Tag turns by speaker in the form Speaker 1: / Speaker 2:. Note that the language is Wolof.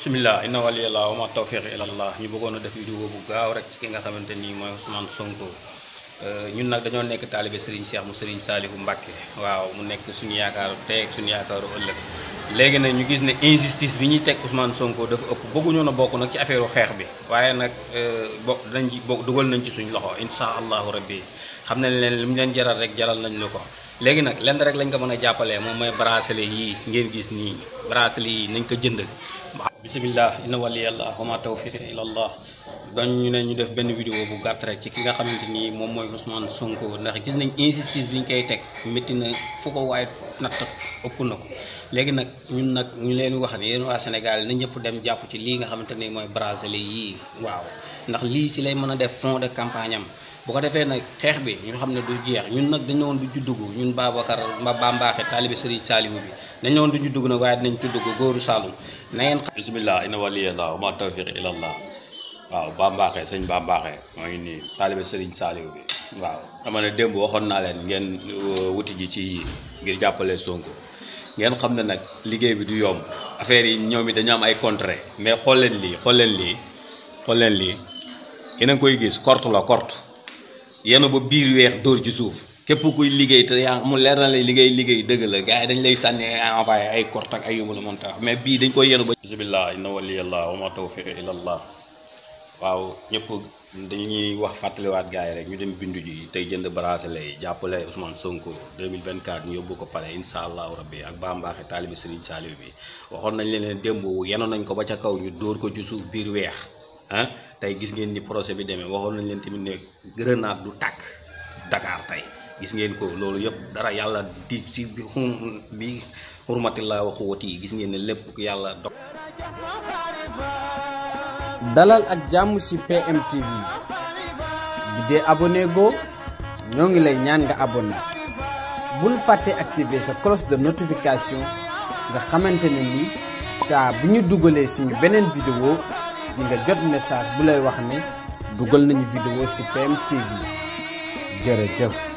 Speaker 1: bisimilah inna la wa ma tawfiq ilallah ñu bëggoon a def vidéo bu gaaw rek ci ki nga xamante nii mooy Ousmane Sonko euh, ñun nag dañoo nekk taalibe Serigne Cheikh mu Serigne Saliou Mbacke waaw mu nekk suñu yaakaaru tey ak suñu yaakaaru ëllëg léegi nag ñu gis ne injustice bi ñuy teg Ousmane Sonko dafa ëpp bëgguñu na bokk nag ci affaire xeex bi waaye nag euh, bo dinañ ci bokk dugal nañ ci suñu loxo insha allahu rabbi xam nañ leen li mu leen jaral rek jaral nañ la ko léegi nag lenn rek lañ ko mën a jàppalee moom mooy bracelet yii ngeen gis nii bracelet yii nañ ko jënd. بسم الله إن ولي الله وما توفيقي إلى الله dañu ne ñu def benn vidéo bu gàtt ci ki nga xamante nii moom mooy Ousmane Sonko ndax gis nañ injustice bi ñu koy teg métti na fu waaye natt ëpp na ko léegi nag ñun nag ñu leen wax ne yéen waa Sénégal na ñëpp dem jàpp ci lii nga xamante ni mooy bracelet yii waaw ndax lii si lay mën a def fond de campagne am defee nag xeex bi ñu xam ne du jeex ñun nag dañ ne woon du juddugu ñun Babacar mba Bambaaxe taalibe Serigne Saliou bi dañ ne woon du juddugu nag waaye dinañ tuddugu góoru Saloum na ngeen bismillah inna waliyallah wa ma tawfiq ilallah waaw baa bambaaxee sëñ bambaaxee maa ngi nii taalibe sëriñ saaliw bi waaw dama ne démb waxoon naa leen ngeen euh, wuti ji ci ngir jàppale Sonko ngeen xam ne nag liggéey bi du yomb affaire yi ñoom it dañu am ay contre mais xool leen lii xool leen lii xool leen lii yéen koy gis korte la korte yenn ba biir weex dóor ci suuf képp kuy liggéey te yaa mu leer na lay liggéey liggéey dëgg la gars yi dañ lay sànni eh, envoyé ay korte ak ay yóbbu la mën ta mais bii dañ koy yenu ba bisimilah inna waliyallah wa ma tawfiqi ila allah waaw ñëpp dañuy wax fàttaliwaat gars yi rek ñu dem bindu ji tey jënd bracelet yi jàppale Ousmane Sonko 2024 ñu yóbbu ko pale incha allahu rabbi ak bambaaxe taalibi Serigne Saliou bi waxoon nañ leen démb yenoon nañ ko ba ca kaw ñu dóor ko ci suuf biir weex ah tey gis ngeen ni projet bi demee waxoon nañ leen tamit ne grenade du tàkk Dakar tey gis ngeen ko loolu yëpp dara yàlla di si bi xurmatillaa waxu wati yi gis ngeen ne lépp yàlla dog
Speaker 2: dalal ak jàmm ci PMTV bi dee abonné ñoo ngi lay ñaan nga abonné bul fàtte activer sa cloche de notification nga xamante ne ni saa bu ñu dugalee suñu beneen vidéo di nga jot message bu lay wax ne dugal nañu vidéo ci PMTV jërëjëf.